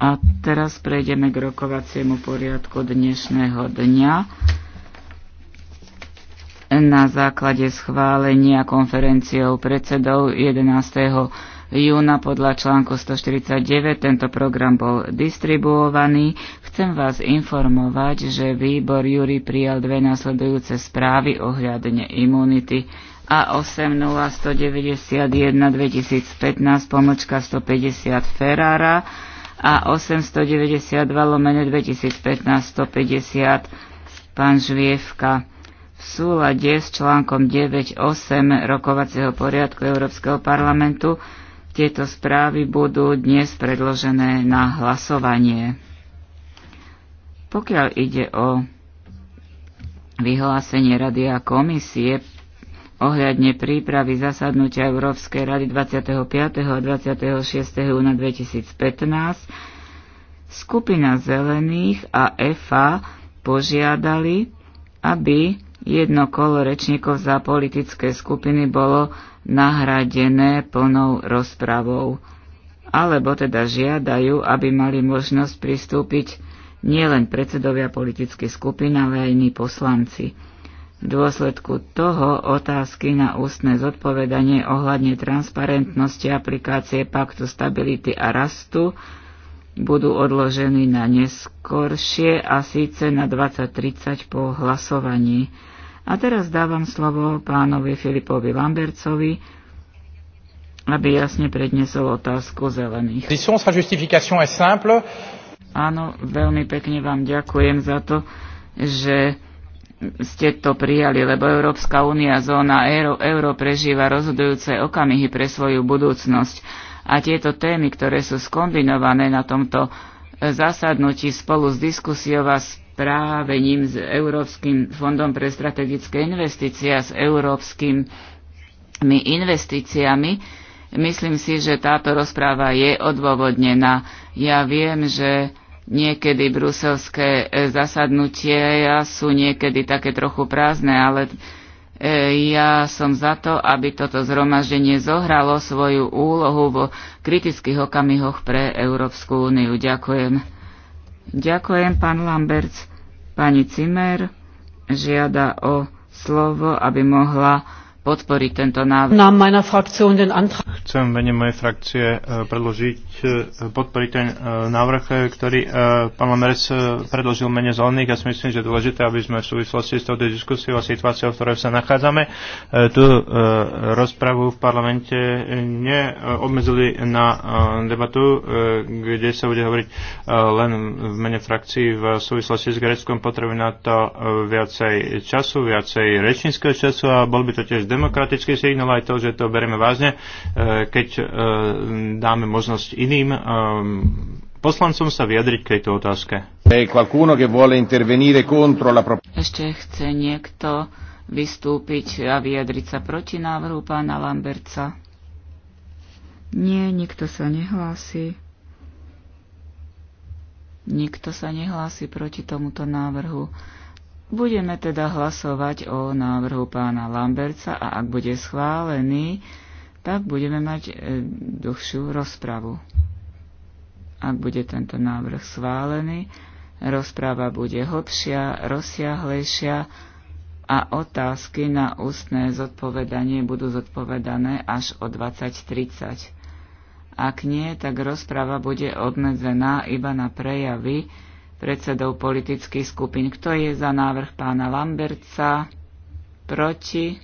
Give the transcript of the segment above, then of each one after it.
A teraz prejdeme k rokovaciemu poriadku dnešného dňa. Na základe schválenia konferenciou predsedov 11. júna podľa článku 149 tento program bol distribuovaný. Chcem vás informovať, že výbor Júri prijal dve následujúce správy ohľadne imunity a 80191 2015 pomočka 150 Ferrara a 892 lomene 2015 150 pán Žvievka. V súlade s článkom 9.8 rokovacieho poriadku Európskeho parlamentu tieto správy budú dnes predložené na hlasovanie. Pokiaľ ide o vyhlásenie Rady a komisie ohľadne prípravy zasadnutia Európskej rady 25. a 26. júna 2015 skupina zelených a EFA požiadali, aby jedno kolo rečníkov za politické skupiny bolo nahradené plnou rozpravou. Alebo teda žiadajú, aby mali možnosť pristúpiť nielen predsedovia politických skupín, ale aj iní poslanci. V dôsledku toho otázky na ústne zodpovedanie ohľadne transparentnosti aplikácie Paktu stability a rastu budú odložení na neskoršie a síce na 2030 po hlasovaní. A teraz dávam slovo pánovi Filipovi Lambercovi, aby jasne predniesol otázku zelených. Áno, veľmi pekne vám ďakujem za to, že ste to prijali, lebo Európska únia zóna euro, euro prežíva rozhodujúce okamihy pre svoju budúcnosť. A tieto témy, ktoré sú skombinované na tomto e, zasadnutí spolu s diskusiou a správením s Európskym fondom pre strategické investície a s európskymi investíciami, myslím si, že táto rozpráva je odôvodnená. Ja viem, že Niekedy bruselské e, zasadnutie sú niekedy také trochu prázdne, ale e, ja som za to, aby toto zhromaždenie zohralo svoju úlohu vo kritických okamihoch pre Európsku úniu. Ďakujem. Ďakujem, pán Lamberts. Pani Cimer žiada o slovo, aby mohla podporiť tento návrh. Chcem mene mojej frakcie e, predložiť, e, podporiť ten e, návrh, ktorý pán Lamerec predložil mene zelených. Ja si myslím, že je dôležité, aby sme v súvislosti s touto diskusiou a situáciou, v ktorej sa nachádzame, tú rozpravu v parlamente neobmedzili na debatu, kde sa bude hovoriť len v mene frakcií v súvislosti s Greckom. Potrebuje na to viacej času, viacej rečníckého času a bol by to tiež demokratický signál aj to, že to bereme vážne, e, keď e, dáme možnosť iným e, poslancom sa vyjadriť k tejto otázke. Ešte chce niekto vystúpiť a vyjadriť sa proti návrhu pána Lamberca? Nie, nikto sa nehlási. Nikto sa nehlási proti tomuto návrhu. Budeme teda hlasovať o návrhu pána Lamberca a ak bude schválený, tak budeme mať e, dlhšiu rozpravu. Ak bude tento návrh schválený, rozpráva bude hlbšia, rozsiahlejšia a otázky na ústne zodpovedanie budú zodpovedané až o 20.30. Ak nie, tak rozpráva bude obmedzená iba na prejavy, predsedov politických skupín. Kto je za návrh pána Lamberca? Proti?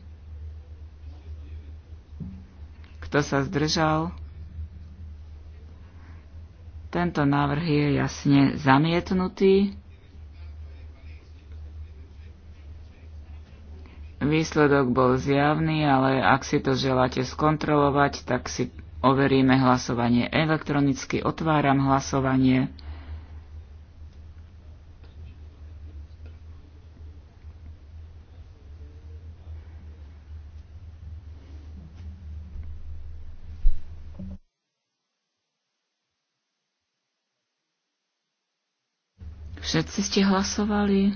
Kto sa zdržal? Tento návrh je jasne zamietnutý. Výsledok bol zjavný, ale ak si to želáte skontrolovať, tak si overíme hlasovanie elektronicky. Otváram hlasovanie. Všetci ste hlasovali?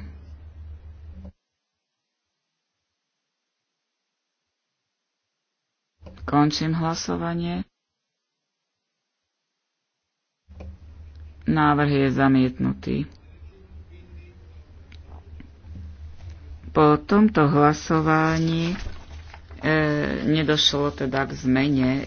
Končím hlasovanie. Návrh je zamietnutý. Po tomto hlasovaní e, nedošlo teda k zmene